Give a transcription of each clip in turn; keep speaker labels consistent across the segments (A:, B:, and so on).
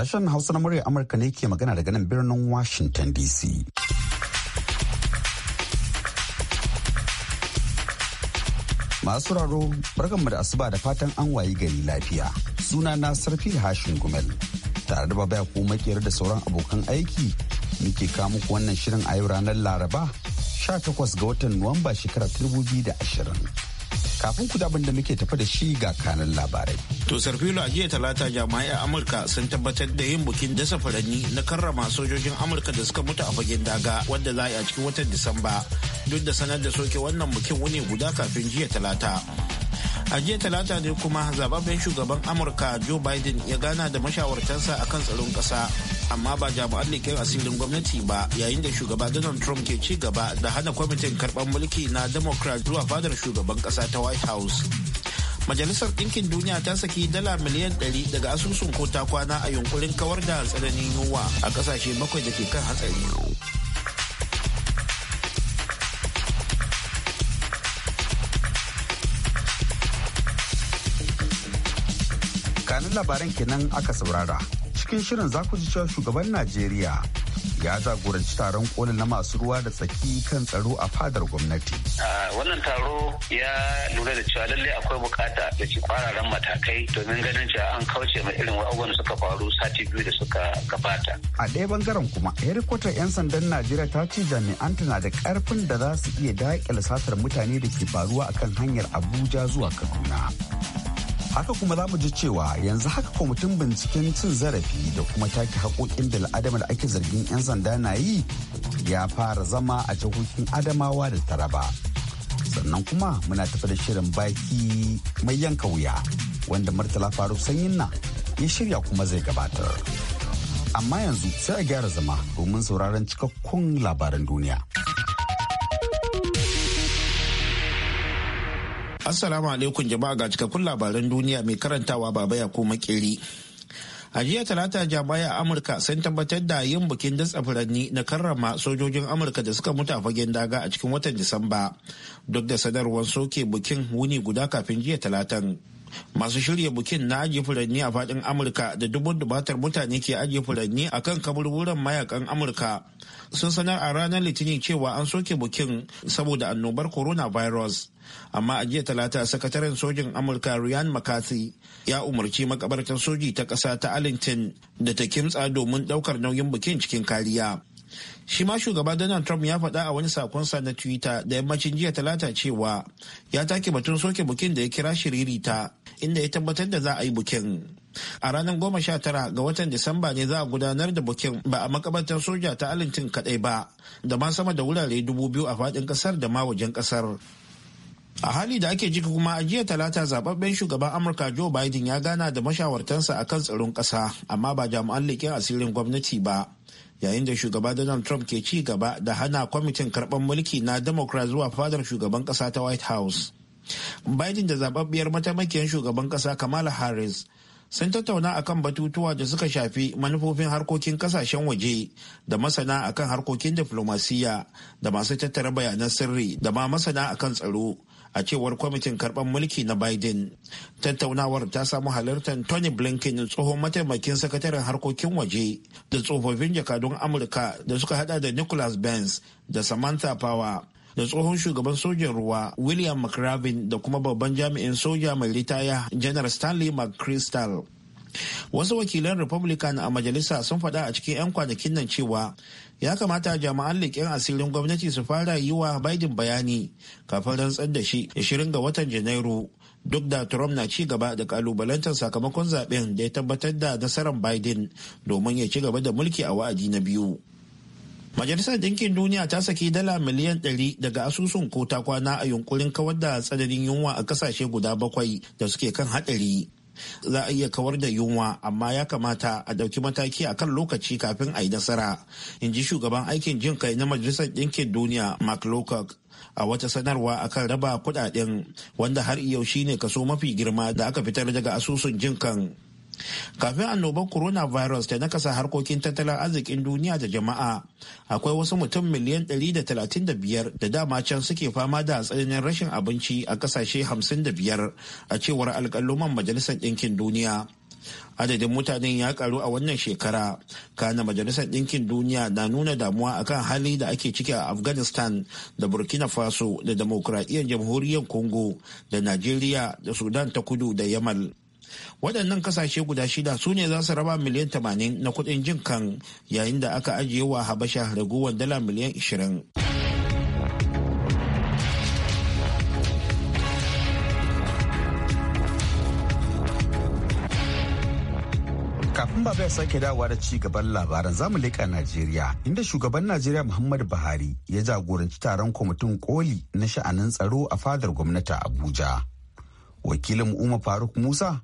A: Sashen Hausa na murya Amurka ne ke magana daga nan birnin Washington DC. Masu raro barkanmu da asuba da fatan an wayi gari lafiya. Suna na Sarfi Hashin Gumel. Tare da babaya ko makiyar da sauran abokan aiki muke kawo muku wannan shirin a yau ranar Laraba 18 ga watan Nuwamba shekarar 2020. kafin ku abin da muke tafi da shi ga kanan labarai.
B: To Sarfilo a jiya talata jami'ai a Amurka sun tabbatar da yin bukin dasa furanni na karrama sojojin Amurka da suka mutu a fagen daga wanda za a yi a cikin watan Disamba duk da sanar da soke wannan bukin wuni guda kafin jiya talata. A jiya talata ne kuma zababben shugaban Amurka Joe Biden ya gana da mashawartansa akan tsaron ƙasa. amma ba jami'an leƙen asirin gwamnati ba yayin da shugaba donald trump ke ci gaba da hana kwamitin karɓar mulki na democrat zuwa fadar shugaban ƙasa ta white house majalisar ɗinkin duniya ta saki dala miliyan 100 daga asusun ko ta kwana a yunkurin kawar da tsananin yunwa a ƙasashe bakwai da ke kan hatsari
A: labaran kenan aka saurara cikin shirin za ku ji cewa shugaban Najeriya ya jagoranci taron kolin na masu ruwa da tsaki kan tsaro a fadar gwamnati.
C: Wannan taro ya lura da cewa lallai akwai bukata da ci kwararan matakai domin ganin cewa an kauce mai irin wa'agwan suka faru sati biyu da suka gabata.
A: A ɗaya bangaren kuma, hedikwatar 'yan sandan Najeriya ta ce jami'an tana da ƙarfin da za su iya daƙile satar mutane da ke faruwa akan hanyar Abuja zuwa Kaduna. haka kuma za mu ji cewa yanzu haka kwamitin binciken cin zarafi da kuma take haƙoƙin al'adama da ake zargin 'yan sanda na yi ya fara zama a jihohin adamawa da taraba sannan kuma muna tafi da shirin baki mai yanka wuya wanda murtala faruk sanyin na ya shirya kuma zai gabatar amma yanzu sai a gyara zama domin sauraron cikakkun labaran duniya.
B: Assalamu alaikum jama'a ga cikakkun labaran duniya mai karantawa baba ya ko makeri. A jiya talata jami'a a Amurka sun tabbatar da yin bikin datsa furanni na karrama sojojin Amurka da suka mutu a fagen daga a cikin watan Disamba duk da sanarwar soke bikin wuni guda kafin jiya talatan. masu shirya bukin na ajiye furanni a fadin amurka da dubun dubatar mutane ke ajiye furanni a kan kaburburan mayakan amurka sun sanar a ranar litinin cewa an soke bukin saboda annobar coronavirus amma a jiya talata sakataren sojin amurka ryan mccarthy ya umarci makabartar soji ta ƙasa ta alintin da ta kimtsa domin ɗaukar nauyin bukin cikin kariya shi ma shugaba donald trump ya faɗa a wani sakonsa na twitter da yammacin jiya talata cewa ya take batun soke bukin da ya kira shiririta inda ya tabbatar da za a yi bukin a ranar goma sha tara ga watan disamba ne za a gudanar da bukin ba a makabartar soja ta alintin kadai ba da ma sama da wurare dubu biyu a faɗin kasar da ma wajen kasar. a hali da ake jiki kuma a jiya talata zababben shugaban amurka joe biden ya gana da mashawartansa akan tsaron kasa amma ba jami'an leƙen asirin gwamnati ba yayin da shugaba donald trump ke ci gaba da hana kwamitin karɓar mulki na democrat zuwa fadar shugaban ƙasa ta white house biden da zababbiyar mataimakiyar shugaban ƙasa kamala harris sun tattauna akan batutuwa da suka shafi manufofin harkokin kasashen waje da masana akan harkokin diflomasiyya da masu tattara bayanan sirri da ma masana akan tsaro a cewar kwamitin karɓar mulki na biden tattaunawar ta samu halartar tony blinken tsohon mataimakin sakataren harkokin waje da tsofaffin jakadun amurka da suka hada da nicholas benz da samantha power da tsohon shugaban sojan ruwa william mcravin da kuma babban jami'in soja mai ritaya janar stanley mccrystal wasu wakilan republican a majalisa sun faɗa a cikin 'yan kwanakin nan cewa ya kamata jami'an leƙen asirin gwamnati su fara yi wa Biden bayani kafin rantsar da shi 20 ga watan Janairu duk da Trump na ci gaba da kalubalantar sakamakon zaben da ya tabbatar da nasarar Biden domin ya ci gaba da mulki a wa'adi na biyu. Majalisar Dinkin Duniya ta saki dala miliyan 100 daga asusun kota kwana a yunkurin kawar da tsananin yunwa a kasashe guda bakwai da suke kan haɗari. za a iya kawar da yunwa amma ya kamata a ɗauki mataki a kan lokaci kafin a yi nasara in ji shugaban aikin jin kai na majalisar ɗinkin duniya mark lowcock a wata sanarwa akan raba kudaden wanda har yau shine kaso mafi girma da aka fitar daga asusun jin kan kafin annobar coronavirus ta nakasa harkokin tattalin arzikin duniya da jama'a akwai wasu mutum miliyan 135 da dama can suke fama da tsananin rashin abinci a kasashe 55 a cewar alkaloman majalisar ɗinkin duniya adadin mutanen ya karu a wannan shekara kana majalisar ɗinkin duniya na nuna damuwa akan hali da ake ciki a afghanistan da burkina faso da demokradiyyar jamhuriyar Kongo da najeriya da sudan ta kudu da yamal waɗannan kasashe guda shida su ne za su raba miliyan 80 na kuɗin jin kan yayin da aka ajiye wa habasha raguwar dala miliyan 20
A: kafin baba ya sake dawowa da ci gaban labaran zamu leƙa najeriya inda shugaban najeriya muhammadu buhari ya jagoranci taron kwamitin koli na sha'anin tsaro a fadar gwamnati abuja wakilin umar faruk musa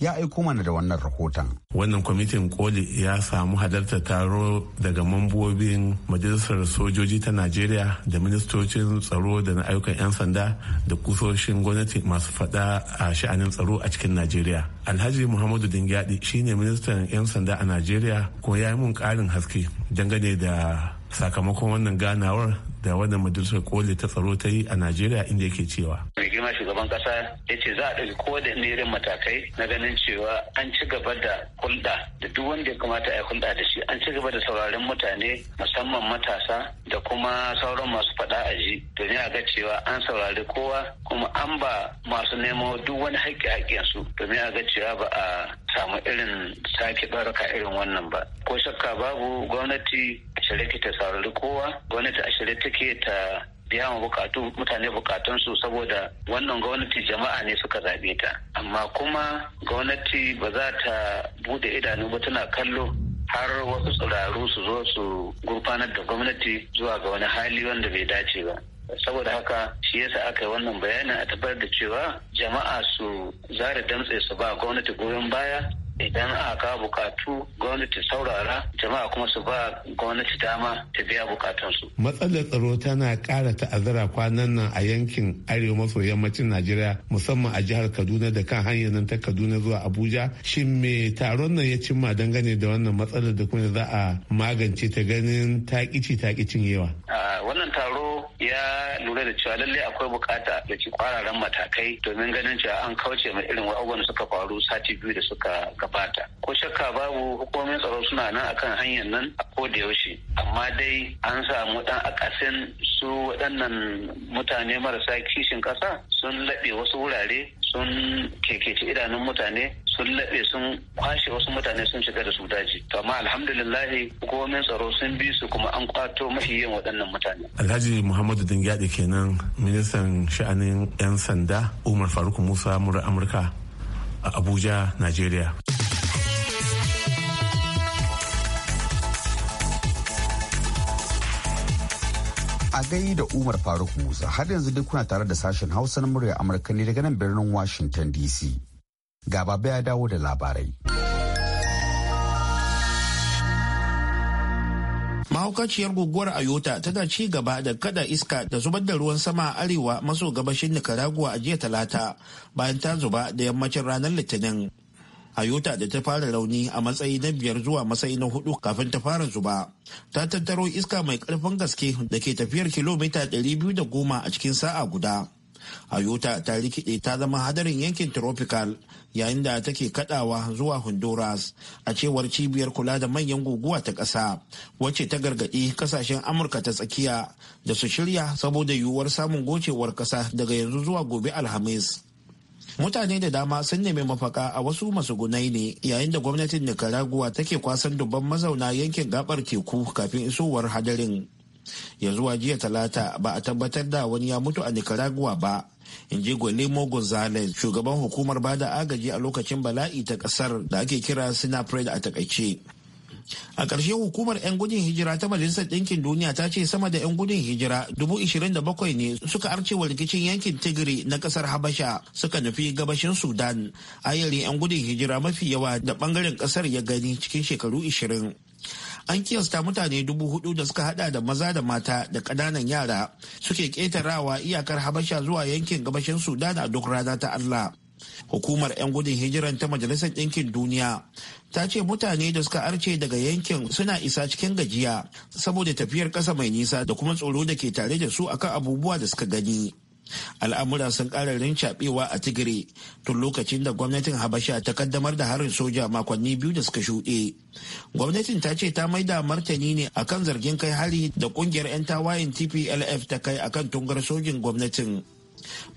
A: ya aiko mana da wannan rahoton.
D: Wannan kwamitin koli ya samu hadarta taro daga mambobin majalisar sojoji ta Najeriya da ministocin tsaro da na ayyukan 'yan sanda da kusoshin gwamnati masu fada a sha'anin tsaro a cikin Najeriya. Alhaji Muhammadu Dingyadi shine ministan 'yan sanda a Najeriya ko ya yi mun karin haske dangane da sakamakon wannan ganawar da wannan majalisar koli ta tsaro ta yi a najeriya inda yake cewa mai girma shugaban kasa ya ce za a ɗauki ko da irin matakai na
C: ganin cewa an ci gaba da hulɗa da duk wanda ya kamata a yi hulɗa da shi an ci gaba da sauraron mutane musamman matasa da kuma
D: sauran masu faɗa a ji domin a ga cewa
C: an saurari kowa kuma an ba masu nemo duk wani haƙƙi haƙƙinsu domin a ga cewa ba a samu irin sake baraka irin wannan ba ko shakka babu gwamnati a shirye ta saurari kowa gwamnati a shirye suke ta biya wa bukatu mutane bukatunsu saboda wannan gwamnati jama'a ne suka zaɓe ta amma kuma gwamnati ba za ta bude idanu ba tana kallo har wasu tsiraru su zo su gurfanar da gwamnati zuwa ga wani hali wanda bai dace ba saboda haka shi yasa aka yi wannan bayanin a tabbatar da cewa jama'a su zara damtse su ba gwamnati goyon baya idan aka bukatu gwamnati saurara jama'a kuma su ba gwamnati dama ta biya bukatunsu.
D: matsalar tsaro tana kara ta'azzara kwanan nan a yankin arewa maso yammacin najeriya musamman a jihar kaduna da kan hanyar nan ta kaduna zuwa abuja shin me taron nan ya cimma dangane da wannan matsalar da kuma za a magance ta ganin takici takicin yawa.
C: wannan taro ya lura da cewa lallai akwai bukata da ci kwararan matakai domin ganin cewa an kauce mai irin abubuwan suka faru sati biyu da suka gabata ko shakka babu hukumomin tsaro suna nan akan hanyar nan a da yaushe amma dai an samu dan akasin su waɗannan mutane marasa kishin ƙasa sun laɓe wasu wurare sun kekeci idanun mutane sun laɓe sun kwashe wasu mutane sun shiga da
D: su daji to amma alhamdulillahi hukumomin tsaro sun bi su kuma an kwato mafi yin waɗannan mutane alhaji muhammadu dingyadi kenan ministan sha'anin yan sanda umar faruk musa murar amurka a abuja nigeria
A: a gai da Umar Faruk Musa har yanzu duk kuna tare da sashen Hausa na murya Amurka ne daga nan birnin Washington DC. Gaba ya dawo da
B: labarai. mahaukaciyar guguwar ayota tana ci gaba da kada iska da zubar da ruwan sama a arewa maso gabashin nicaragua a jiya talata bayan ta zuba da yammacin ranar litinin ayota da ta fara rauni a matsayi na biyar zuwa matsayi na hudu kafin ta fara zuba ta tattaro iska mai karfin gaske da ke tafiyar kilomita 210 a cikin sa'a guda ayuta ta rikide ta zama hadarin yankin tropical yayin da take kadawa zuwa honduras a cewar cibiyar kula da manyan guguwa ta ƙasa wacce ta gargaɗi kasashen amurka ta tsakiya da su shirya saboda yiwuwar samun gocewar ƙasa daga yanzu zuwa gobe alhamis mutane da dama sun nemi mafaka a wasu masugunai ne yayin da gwamnatin nicaragua take kwasan dubban mazauna yankin gabar teku kafin isowar hadarin ya zuwa jiya talata ba a tabbatar da wani ya mutu a nicaragua ba in ji mogon gonzalez shugaban hukumar bada agaji a lokacin bala'i ta kasar da ake kira sinapred a takaice a ƙarshe hukumar 'yan gudun hijira ta majalisar ɗinkin duniya ta ce sama da 'yan gudun hijira 27,000 ne suka arce wa rikicin yankin tigiri na ƙasar habasha suka nufi gabashin sudan ayyari 'yan gudun hijira mafi yawa da ɓangaren ƙasar ya gani cikin shekaru 20 an kiyasta mutane dubu hudu da suka hada da maza da mata da ƙananan yara suke ƙetarawa iyakar habasha zuwa yankin gabashin sudan a duk rana ta allah hukumar 'yan gudun hijiran ta majalisar ɗinkin duniya ta ce mutane da suka arce daga yankin suna isa cikin gajiya saboda tafiyar ƙasa mai nisa da kuma tsoro da ke tare da su akan abubuwa da suka gani al'amura sun ƙara rincaɓewa a tigiri tun lokacin da gwamnatin habasha ta kaddamar da harin soja makonni biyu da suka shuɗe gwamnatin ta ce ta maida martani ne akan zargin kai hari da ƙungiyar 'yan tawayen tplf ta kai akan tungar sojin gwamnatin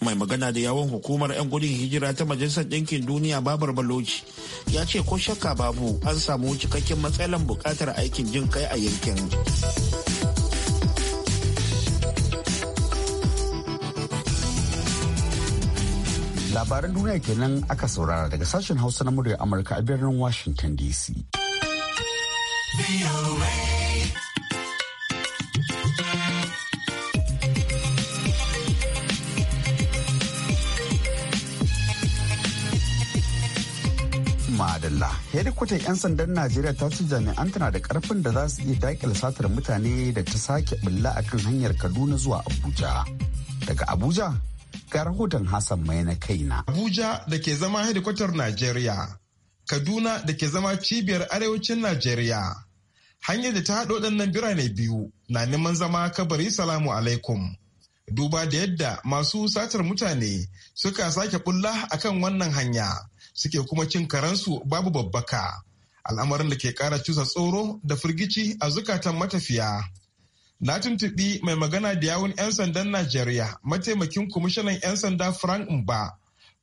B: mai magana da yawon hukumar 'yan gudun hijira ta majalisar ɗinkin duniya babar baloci ya ce ko shakka babu an samu cikakken matsalan buƙatar aikin jin kai a yankin.
A: labaran duniya kenan aka saurara daga sashen hausa na muryar amurka a birnin washington dc Madalla. Hedikwatar 'yan sandan Najeriya ta ce jami'an tana da karfin da za su iya daƙile satar mutane da ta sake bulla a kan hanyar Kaduna zuwa Abuja. Daga Abuja
E: ga rahoton Hassan mai na kaina. Abuja da ke zama hedikwatar Najeriya, Kaduna da ke zama cibiyar arewacin Najeriya. Hanyar da ta haɗo ɗannan birane biyu na neman zama kabari salamu alaikum. Duba da yadda masu satar mutane suka sake bulla akan wannan hanya suke kuma cin karansu babu babbaka. Al'amarin da ke ƙara cusa tsoro da firgici a zukatan matafiya. Na tuntuɓi mai magana da yawun 'yan sandan Najeriya, mataimakin kwamishinan 'yan sanda Frank Mba,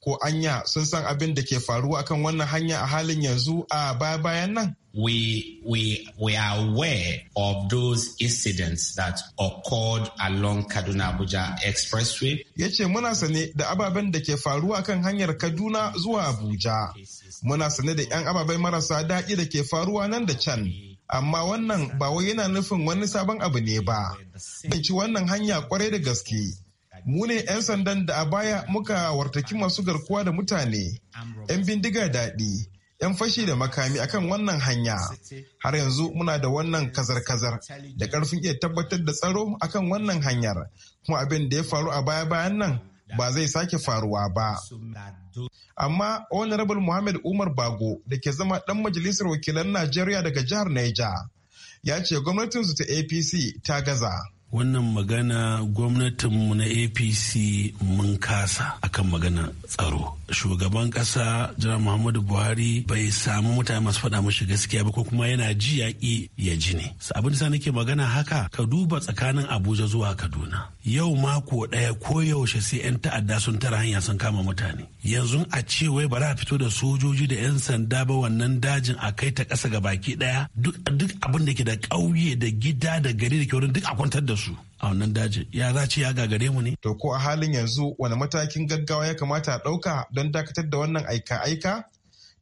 E: ko anya sun san abin da ke faruwa akan wannan hanya a halin yanzu a baya bayan nan.
B: We, we, we are aware of
A: those incidents that occurred along Kaduna Abuja Expressway.
E: Ya muna sane da ababen da ke faruwa akan hanyar Kaduna zuwa Abuja. Muna sane da 'yan ababai marasa daɗi da ke faruwa nan da can. amma wannan ba wai yana nufin wani sabon abu ne ba. ci wannan hanya kwarai da gaske. Mu ne 'yan sandan da a baya muka wartaki masu garkuwa da mutane, 'yan bindiga daɗi, 'yan fashi da makami akan wannan hanya. Har yanzu muna da wannan kazar-kazar da ƙarfin iya tabbatar da tsaro akan wannan hanyar. Kuma abin da ya faru a baya-bayan nan ba zai sake faruwa ba. Amma Honorable Muhammad Umar Bago da ke zama ɗan majalisar wakilan Najeriya daga jihar Neja ya ce gwamnatin su ta APC ta gaza.
D: Wannan magana gwamnatinmu na APC mun kasa akan magana tsaro. shugaban kasa jiran muhammadu buhari bai samu mutane masu faɗa mashi gaskiya ba ko kuma yana ji yaƙi ya ji ne abin da nake magana haka ka duba tsakanin abuja zuwa kaduna yau mako ɗaya ko yaushe sai
B: 'yan ta'adda sun tara hanya sun kama mutane yanzu a ce wai ba za a fito da sojoji da 'yan sanda ba wannan dajin a kai ta ƙasa ga baki ɗaya duk abin da ke da ƙauye da gida da gari da ke wurin duk a kwantar da su a wannan dajin ya za ce ya gagare mu ne. To ko a halin yanzu
E: wani matakin gaggawa ya kamata a ɗauka don dakatar da wannan aika-aika?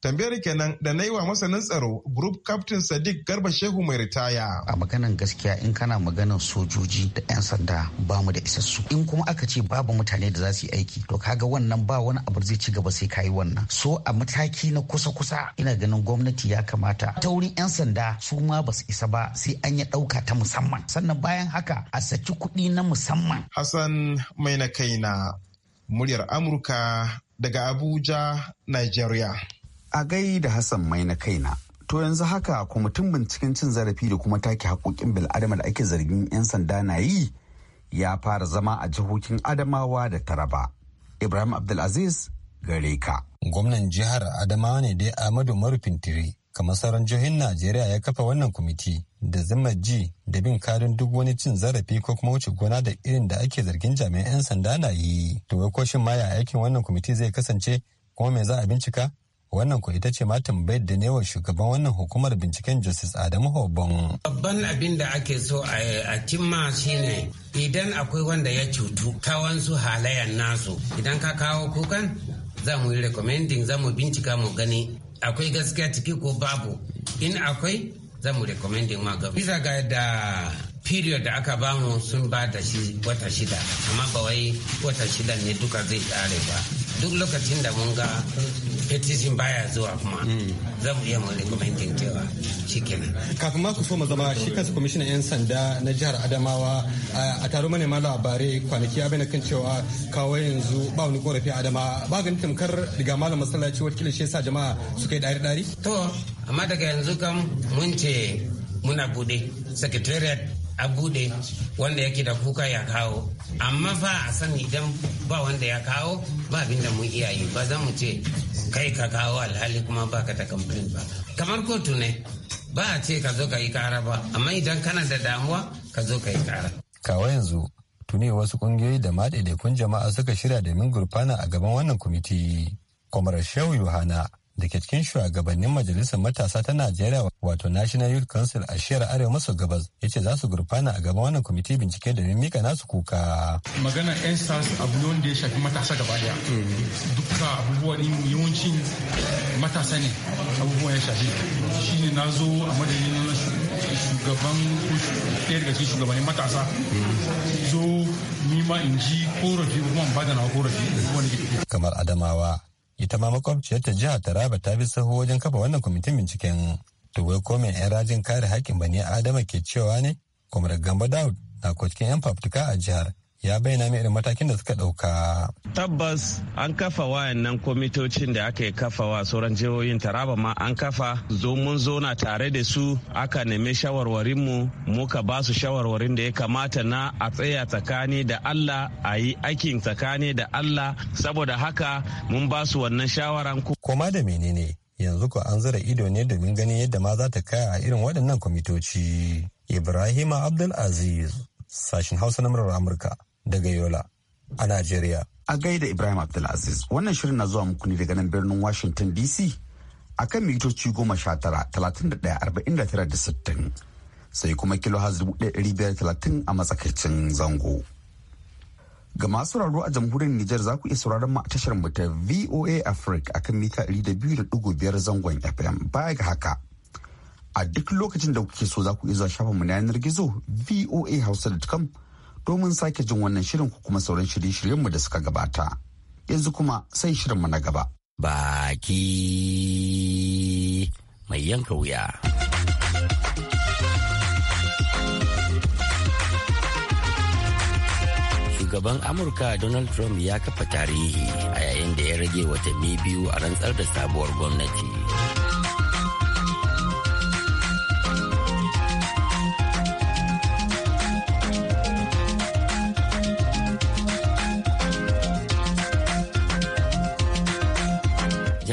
E: tambayar kenan da na yi wa masanin tsaro group captain sadiq garba shehu mai ritaya a maganan gaskiya in kana maganan sojoji da 'yan sanda ba mu da isassu in kuma aka ce babu mutane da
A: za su yi aiki to kaga wannan ba wani abu zai ci gaba sai kayi wannan so a mataki na kusa kusa ina ganin gwamnati ya kamata ta wurin 'yan sanda su ma ba su isa ba sai an yi ɗauka ta musamman sannan bayan haka a saki kuɗi na musamman
E: hassan mai na kaina muryar amurka daga abuja nigeria A gai
A: da Hassan mai na kaina. To yanzu haka kwamitin binciken cin zarafi da kuma take haƙoƙin bil'adama da ake zargin 'yan sanda na yi ya fara zama a jihohin Adamawa da Taraba. Ibrahim Abdulaziz gare ka. Gwamnan jihar Adamawa ne dai Ahmadu
F: Marufin Tire, kamar sauran jihohin Najeriya ya kafa wannan kwamiti da zama ji da bin karin duk wani cin zarafi ko kuma wuce gona da irin da ake zargin jami'an 'yan sanda na yi. To ko shin ma ya aikin wannan kwamiti zai kasance kuma me za a bincika? wannan ko ita ce ma tambayar da ne shugaban wannan hukumar binciken justice adamu hobon
E: babban abin da ake
G: so a cimma shine idan akwai wanda ya cutu kawansu halayen nasu idan ka kawo kukan za mu yi recommending za mu bincika mu gani akwai gaskiya ciki ko babu in akwai za mu recommending ma gaba bisa ga yadda. period da aka bamu sun ba da shi wata shida amma ba wai wata shida ne duka zai tsare ba duk lokacin da mun ga petition baya zuwa kuma hmm. za mu iya mun recommending cewa shi kenan
F: kafin ma ku so mu zama shi kansa kwamishinan yan sanda na jihar adamawa a taron manema labarai kwanaki ya bayyana kan cewa kawo yanzu ba wani korafi a adama ba ganin tamkar daga malam masallaci wakilin shi yasa jama'a su kai
G: dari dari to amma daga yanzu kam mun ce muna bude secretariat a bude wanda yake da kuka ya kawo amma fa a sani idan ba wanda ya kawo ba abin da mun iya yi ba za mu ce kai ka kawo alhali kuma ba ka ta ba kamar kotu ne ba a ce ka zo ka yi kara ba amma idan kana da damuwa ka zo ka yi kara
F: kawo yanzu tuni wasu kungiyoyi da ma jama'a suka shirya domin gurfana a gaban wannan kwamiti kwamar shehu yohana da ke cikin shugabannin majalisar matasa ta Najeriya wato National Youth Council a shiyar Arewa maso gabas ya ce za su gurfana a gaban wannan kwamiti bincike da mika nasu kuka.
E: Magana yan sas abu ne wanda ya shafi matasa gaba daya. Dukka abubuwan yawancin matasa ne abubuwan ya shafi. Shine na zo a madadin shugaban ɗaya daga cikin shugabannin matasa. Zo ni ma in ji korafi kuma ba da na
F: korafi. Kamar Adamawa ita ma makwabciyar ta jihar taraba ta bi sahu wajen kafa wannan kwamitin binciken to wai ko mai yan rajin kare haƙƙin bani adama ke cewa ne da gamba daud na ko cikin yan fafutuka a jihar ya bayyana mai irin matakin da suka ɗauka.
D: Tabbas an kafa wayannan kwamitocin da aka yi kafawa sauran jihohin Taraba ma an kafa zo mun zona tare da su aka nemi shawarwarin mu muka ba su shawarwarin da ya kamata na a tsaya tsakani da Allah a yi aikin tsakani da Allah saboda haka mun ba su wannan shawaran ku. Koma da menene yanzu ko
F: an zura ido ne domin ganin yadda ma za ta kaya a irin waɗannan kwamitoci. ibrahim
A: Abdul Aziz, sashen Hausa na Amurka. daga Yola a Najeriya. A gaida Ibrahim Abdulaziz wannan shirin na zuwa muku ne daga nan birnin Washington DC a kan mitoci goma sha tara talatin da ɗaya arba'in da tara da sittin sai kuma kilo has dubu ɗaya ɗari biyar talatin a matsakaicin zango. Ga masu raro a jamhuriyar Nijar za ku iya sauraron mu a tashar mu ta VOA Africa a kan mita ɗari da biyu da ɗigo biyar zangon FM baya ga haka. A duk lokacin da kuke so za ku iya zuwa shafinmu na yanar gizo voa Hausa.com domin sake jin wannan shirin ku kuma sauran shirye-shiryenmu da suka gabata. Yanzu kuma sai shirinmu na gaba. Baki
G: mai yanka wuya. Shugaban Amurka Donald Trump ya kafa tarihi a yayin da ya rage watanni biyu a rantsar da sabuwar gwamnati.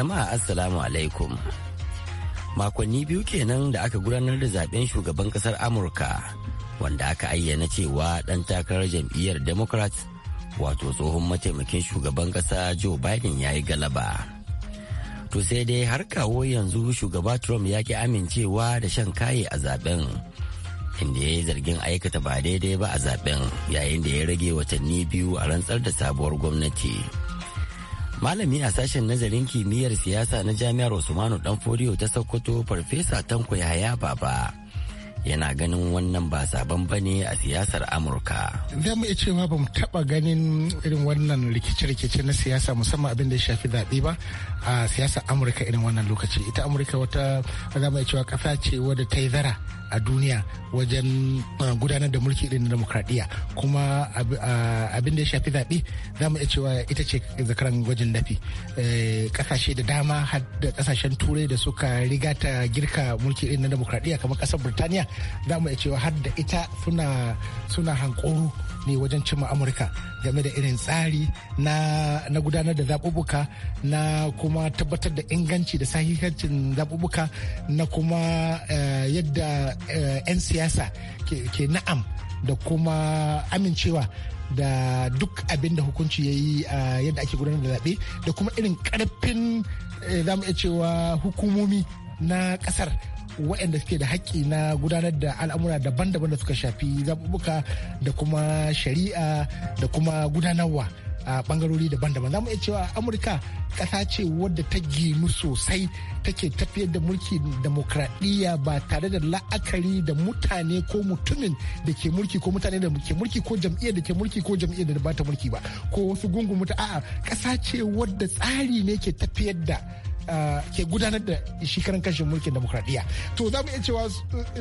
G: Jama'a Assalamu alaikum. Makonni biyu kenan da aka gudanar da zaben shugaban kasar Amurka wanda aka ayyana cewa dan takarar jam'iyyar Democrat wato tsohon mataimakin shugaban kasa Joe Biden ya yi galaba. To sai dai har kawo yanzu shugaba Trump ya ki amincewa da shan kaye a zaben. inda ya yi zargin aikata ba daidai ba a zaben yayin da ya rage watanni biyu a rantsar da sabuwar gwamnati. malami a sashen nazarin kimiyyar siyasa na jami'ar usmanu danfodiyo ta sokoto farfesa tanko yaya baba yana ganin wannan ba sabon ba ne a siyasar amurka
H: za mu iya cewa ba mu taɓa ganin irin wannan rikice-rikice na siyasa musamman abin da ya shafi zaɓe ba a siyasar amurka irin wannan lokaci ita amurka wata za mu iya cewa ƙasa ce wadda ta yi zara a duniya wajen gudanar da mulki irin demokradiyya kuma abin da ya shafi zaɓe za mu iya cewa ita ce zakaran gwajin dafi e, ƙasashe da dama har da ƙasashen turai da suka riga ta girka mulki irin na demokradiyya kamar ƙasar burtaniya za mu cewa har da ita suna suna hankoro ne wajen cimma amurka game da irin tsari na, gudanar da zaɓuɓɓuka na kuma tabbatar da inganci da sahihancin zaɓuɓɓuka na kuma eh, yadda eh, 'yan siyasa ke, na'am da kuma amincewa da duk abin da hukunci ya yi a yadda ake gudanar da zaɓe da kuma irin ƙarfin eh, za mu iya cewa hukumomi na ƙasar waɗanda suke da haƙƙi na gudanar da al'amura daban-daban da suka shafi zaɓuɓɓuka da kuma shari'a da kuma gudanarwa a ɓangarori daban-daban za mu iya cewa amurka ƙasa ce wadda ta ginu sosai take tafiyar da mulki demokradiyya ba tare da la'akari da mutane ko mutumin da ke mulki ko mutane da ke mulki ko jam'iyyar da ke mulki ko jam'iyyar da ba ta mulki ba ko wasu gungun mutane a'a ƙasa ce wadda tsari ne ke tafiyar da ke gudanar da shi karan kashin mulkin demokradiyya to za mu iya cewa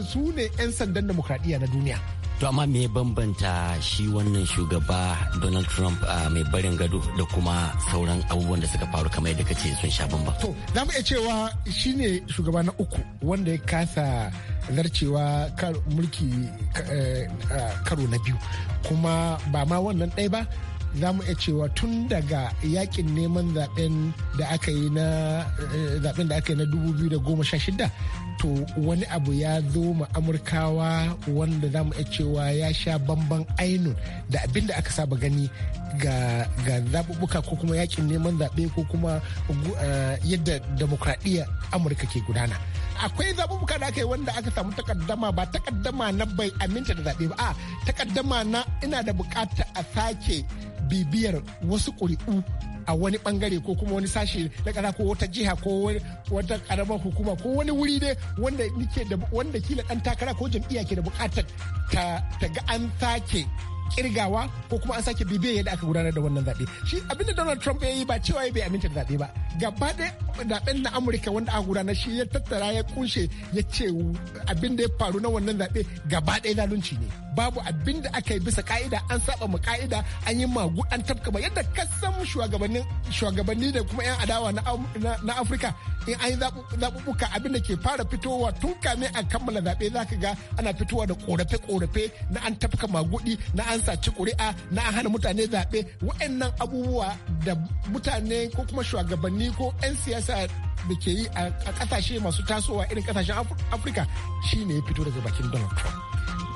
H: su ne 'yan sandan demokradiyya na duniya
G: to amma me bambanta shi wannan shugaba donald trump mai barin gado da kuma sauran abubuwan da suka faru kamar yadda kace sun sha bamba to
H: za mu iya cewa shi ne shugaba na uku wanda ya kasa zarcewa mulki eh, karo na biyu kuma ba ma wannan ɗaya ba za mu iya cewa tun daga yakin neman zaben da aka yi na eh, zaben da aka yi na 2016 to wani abu ya zo ma amurkawa wanda za mu iya cewa ya sha bamban ainun da abin da aka saba gani ga zaɓuɓɓuka ko kuma yakin neman zaɓe ko kuma eh, yadda demokradiyyar amurka ke gudana akwai zaɓuɓɓuka da aka yi wanda aka samu takaddama ba takaddama na bai aminta da zaɓe ba a takaddama na ina da buƙatar a sake bibiyar wasu ƙuri'u a wani ɓangare ko kuma wani sashe na kasa ko wata jiha ko wata karamar hukuma ko wani wuri ne wanda kila dan takara ko jam'iyya ke da buƙatar ta ga an sake kirgawa ko kuma an sake bibiyar yadda aka gudanar da wannan zaɓe shi abinda donald trump ya yi ba cewa ya bai aminta da zaɓe ba gaba ɗaya zaɓen na amurka wanda aka gudanar shi ya tattara ya kunshe ya ce abinda ya faru na wannan zaɓe gaba ɗaya zalunci ne babu abinda aka yi bisa ka'ida an saba mu ka'ida an yi magu an tafka ba yadda kasan shugabannin shugabanni da kuma yan adawa na afirka in an yi zaɓuɓɓuka abinda ke fara fitowa tun kame a kammala zaɓe zaka ga ana fitowa da korafe-korafe na an tafka magudi na an saci kuri'a na hana mutane zaɓe waɗannan abubuwa da mutane ko kuma shugabanni ko 'yan siyasa da ke yi a ƙasashe masu tasowa irin ƙasashen afirka shine ya fito daga bakin donald trump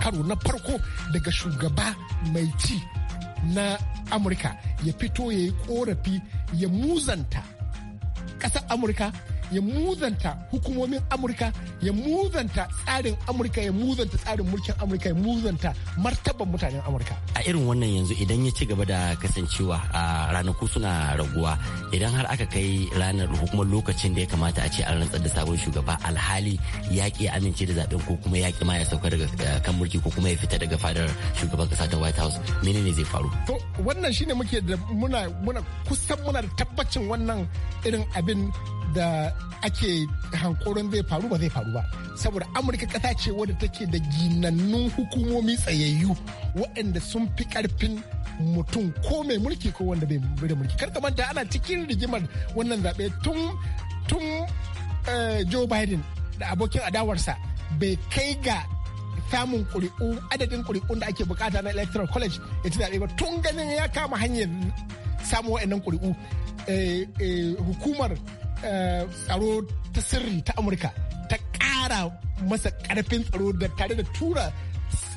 H: karo na farko daga shugaba mai ci na amurka ya fito ya yi korafi ya muzanta ƙasar amurka ya muzanta hukumomin amurka ya muzanta tsarin amurka ya muzanta tsarin mulkin amurka ya muzanta martaban mutanen amurka
G: a irin wannan yanzu idan ya ci gaba da kasancewa a ranaku suna raguwa idan har aka kai ranar kuma lokacin da ya kamata a ce an rantsar da sabon shugaba alhali ya amince da zaben ko kuma ya ki ma ya sauka daga eh, kan mulki ko kuma ya fita daga fadar shugaban kasa ta white house menene zai faru
H: to wannan shine muke da muna muna kusan muna da tabbacin wannan irin abin da ake hankoron zai faru ba zai faru ba saboda amurka kasa ce wadda take da ginannun hukumomi tsayayyu waɗanda sun fi ƙarfin mutum ko mai mulki ko wanda bai da mulki kar manta ana cikin rigimar wannan zaɓe tun tun eh, joe biden da abokin adawarsa bai kai ga samun ƙuri'u adadin ƙuri'un da ake bukata na electoral college ya ci zaɓe ba tun ganin ya kama hanyar samun waɗannan kuri'u eh, eh, hukumar tsaro ta sirri ta amurka ta ƙara masa ƙarfin tsaro da tare da tura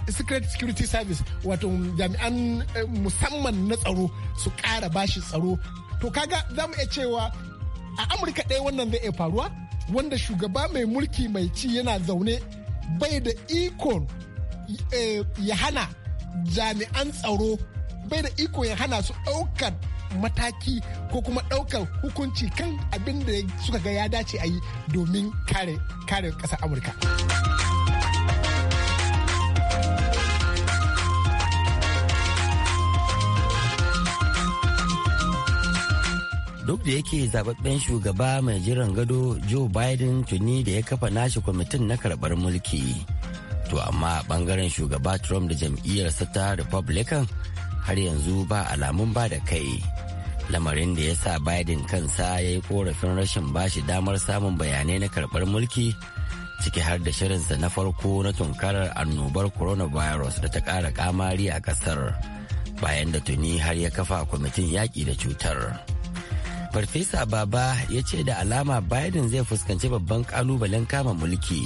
H: secret security service wato jami'an eh, musamman na tsaro su ƙara bashi tsaro to kaga za mu iya cewa a amurka ɗaya wannan zai iya faruwa wanda shugaba mai mulki mai ci yana zaune bai da ikon eh, ya hana jami'an tsaro bai da iko ya hana su ɗaukar mataki ko kuma ɗaukar hukunci kan abin da suka ga ya dace a yi domin kare kare ƙasar amurka
G: duk da yake zababben shugaba mai jiran gado joe biden tuni da ya kafa nashi kwamitin na karɓar mulki to amma bangaren shugaba trump da jam'iyyarsa ta republican har yanzu ba alamun ba da kai lamarin da ya sa biden kansa ya yi korafin rashin bashi damar samun bayanai na karɓar mulki ciki har da shirinsa na farko na tunkarar annobar coronavirus da ta ƙara kamari a ƙasar bayan da tuni har ya kafa kwamitin yaƙi da cutar farfesa baba ya ce da alama biden zai fuskanci babban ƙalubalen kama mulki.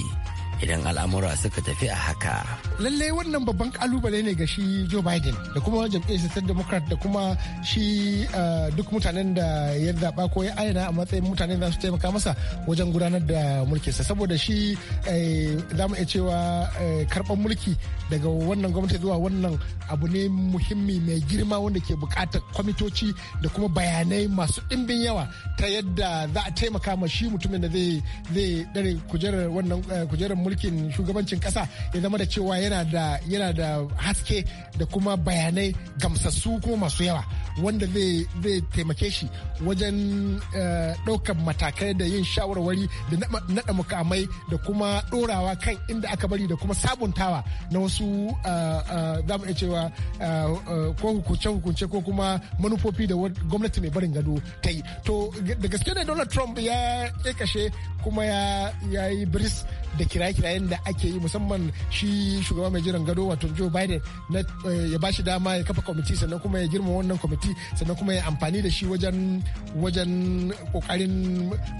G: idan al'amura suka tafi a haka.
H: Lallai wannan babban kalubale ne ga shi Joe Biden da kuma jam'iyyar ta Democrat da kuma shi eh, duk mutanen da ya zaɓa ko ya ayyana a matsayin mutanen za su taimaka masa wajen gudanar da mulkinsa saboda shi eh, za mu iya cewa eh, karɓar mulki daga wannan gwamnati zuwa wannan abu ne muhimmi mai girma wanda ke buƙatar kwamitoci da kuma bayanai masu ɗimbin yawa ta yadda za a taimaka ma shi mutumin da zai dare kujerar wannan kujerar mulki mulkin shugabancin kasa ya zama da cewa yana da yana da haske da kuma bayanai gamsassu ko masu yawa wanda zai taimake shi wajen eh, ɗaukar matakai da yin shawarwari da naɗa mukamai da kuma ɗorawa kan inda aka bari da kuma sabuntawa na wasu eh, eh, za mu iya cewa ko hukunce-hukunce ko kuma manufofi da gwamnati mai barin gado ta yi to da gaske ne donald trump ya kashe kuma ya yi biris da kira kiraye-kirayen da ake yi musamman shi shugaba mai jiran gado wato Joe Biden na eh, ya bashi dama ya kafa kwamiti sannan kuma ya girma wannan kwamiti sannan kuma ya amfani da shi wajen wajen kokarin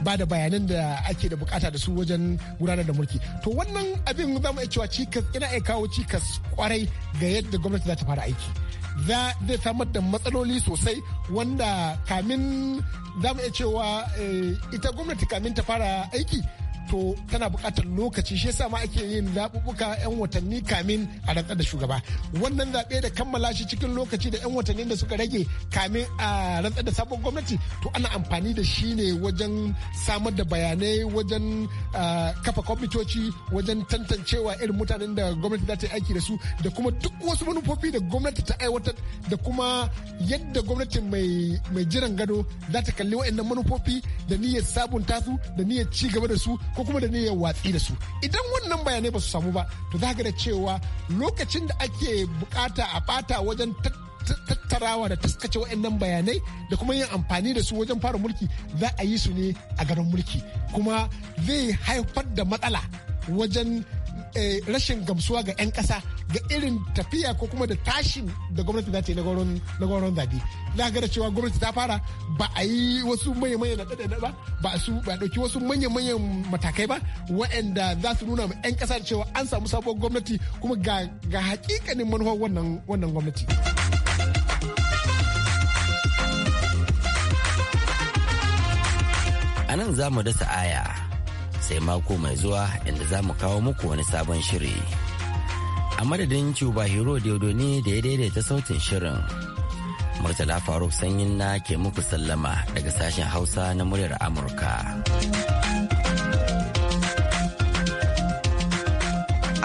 H: ba da bayanan da ake da bukata da su wajen gudanar da mulki to wannan abin za mu iya cewa cikas ina iya kawo cikas kwarai ga yadda gwamnati za ta fara aiki zai samar da matsaloli sosai wanda kamin za mu iya cewa eh, ita gwamnati kamin ta fara aiki to tana buƙatar lokaci shi yasa ma ake yin zaɓuɓɓuka 'yan watanni kamin a rantsar da shugaba wannan zaɓe da kammala shi cikin lokaci da 'yan watannin da suka rage kamin a rantsar da sabon gwamnati to ana amfani da shi ne wajen samar da bayanai wajen kafa kwamitoci wajen tantancewa irin mutanen da gwamnati za ta yi aiki da su da kuma duk wasu manufofi da gwamnati ta aiwatar da kuma yadda gwamnati mai jiran gado za ta kalli waɗannan manufofi da niyyar sabunta su da niyyar ci gaba da su ko kuma da niyyar watsi da su idan wannan bayanai ba su samu ba to za ga da cewa lokacin da ake bukata a bata wajen tattarawa da taskace waɗannan bayanai da kuma yin amfani da su wajen fara mulki za a yi su ne a garin mulki kuma zai haifar da matsala wajen eh, rashin gamsuwa ga 'yan ƙasa ga irin tafiya ko kuma da tashin da gwamnati za ta yi na gwamnati zabe na ga cewa gwamnati ta fara ba a yi wasu manya-manyan na ba ba su ba ɗauki wasu manya-manyan matakai ba waɗanda za su nuna ma 'yan ƙasa da cewa an samu sabuwar gwamnati kuma ga ga hakikanin manufar wannan wannan gwamnati.
G: A nan za mu dasa aya sai mako mai zuwa inda za mu kawo muku wani sabon shiri. a madadin cuba hero ne da ya daidaita sautin shirin murtala faruk sanyin na ke muku sallama daga sashen hausa na muryar amurka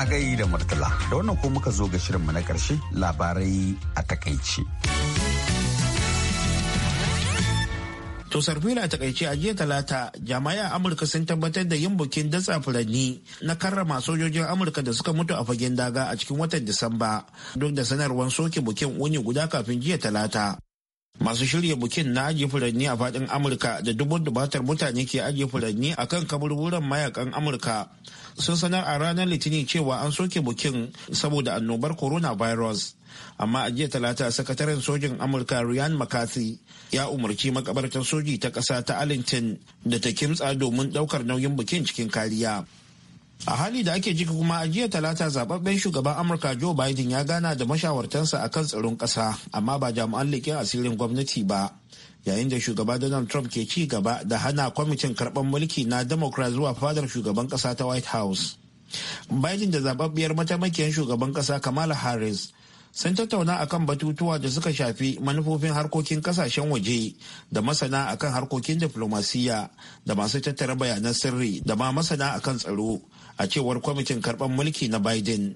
G: a gai da murtala da wannan ko muka zo ga shirinmu
B: na karshe labarai a takaici. To Sarfila a takaice a jiya talata jama'a Amurka sun tabbatar da yin bukin datsa furanni na karrama sojojin Amurka da suka mutu a fagen daga a cikin watan Disamba duk da sanarwar soke bukin wuni guda kafin jiya talata. Masu shirya bukin na ajiye furanni a faɗin Amurka da dubun dubatar mutane ke ajiye furanni a kan kaburburan mayakan Amurka sun sanar a ranar litinin cewa an soke bukin saboda annobar coronavirus amma a jiya talata sakataren sojin amurka ryan mccarthy ya umarci makabartar soji ta ƙasa ta allington da ta kimtsa domin ɗaukar nauyin bukin cikin kariya a hali da ake jiki kuma a jiya talata zababben shugaban amurka joe biden ya gana da mashawartansa akan tsaron ƙasa amma ba jami'an leƙen asirin gwamnati ba yayin da shugaba donald trump ke ci gaba da hana kwamitin karɓar mulki na democrat zuwa fadar shugaban ƙasa ta white house biden da zababbiyar mataimakiyar shugaban ƙasa kamala harris sun tattauna akan batutuwa da suka shafi manufofin harkokin kasashen waje da masana akan harkokin diflomasiyya da masu tattara bayanan sirri da ma masana akan tsaro a cewar kwamitin karɓar mulki na biden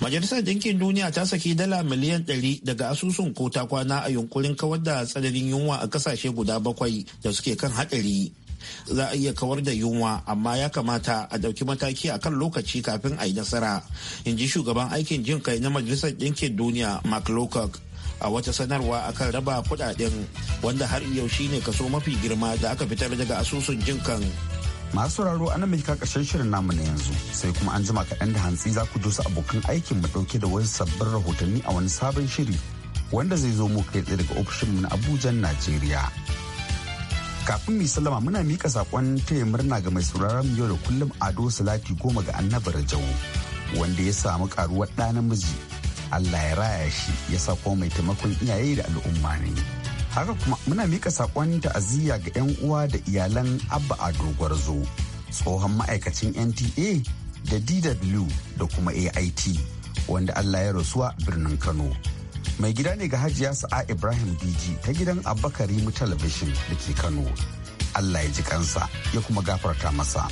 B: Majalisar Dinkin Duniya ta saki dala miliyan 100 daga asusun ko ta kwana a yunkurin kawar da tsananin yunwa a kasashe guda bakwai da suke kan haɗari. Za a iya kawar da yunwa amma ya kamata a ɗauki mataki a kan lokaci kafin a yi nasara, in ji shugaban aikin jin kai na Majalisar Dinkin Duniya Mark Lowcock. a wata sanarwa akan raba kudaden wanda har yau ne kaso mafi girma da aka fitar daga asusun jinkan
A: masu sauraro ana mai ka karshen shirin namu na yanzu sai kuma an jima kaɗan da hantsi za ku dosa abokan aikin mu ɗauke da wasu sabbin rahotanni a wani sabon shiri wanda zai zo mu kai tsaye daga ofishinmu na abuja najeriya kafin mu sallama muna mika sakon taya murna ga mai sauraron yau da kullum ado salati goma ga annabi rajau wanda ya samu karuwar ɗa namiji allah ya raya shi ya sa kuma mai taimakon iyaye da al'umma ne. haka kuma muna mika sakon ta'aziyya ga 'yan uwa da iyalan abba a zo tsohon ma'aikacin nta da dw da kuma ait wanda allah ya rasuwa birnin kano mai gida ne ga hajiya sa'a ibrahim dg ta gidan abba karimu talabishin da ke kano allah ya ji kansa ya kuma gafarta masa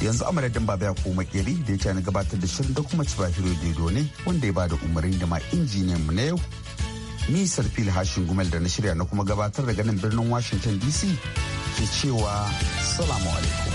A: yanzu a madadin baba ya koma kiri da ya gabatar da shirin da kuma ciba hiro ne wanda ya bada umarni da ma injiniyan mu na yau ni fil hashin gumel da na shirya na kuma gabatar daga nan birnin washington dc ke cewa salamu alaikum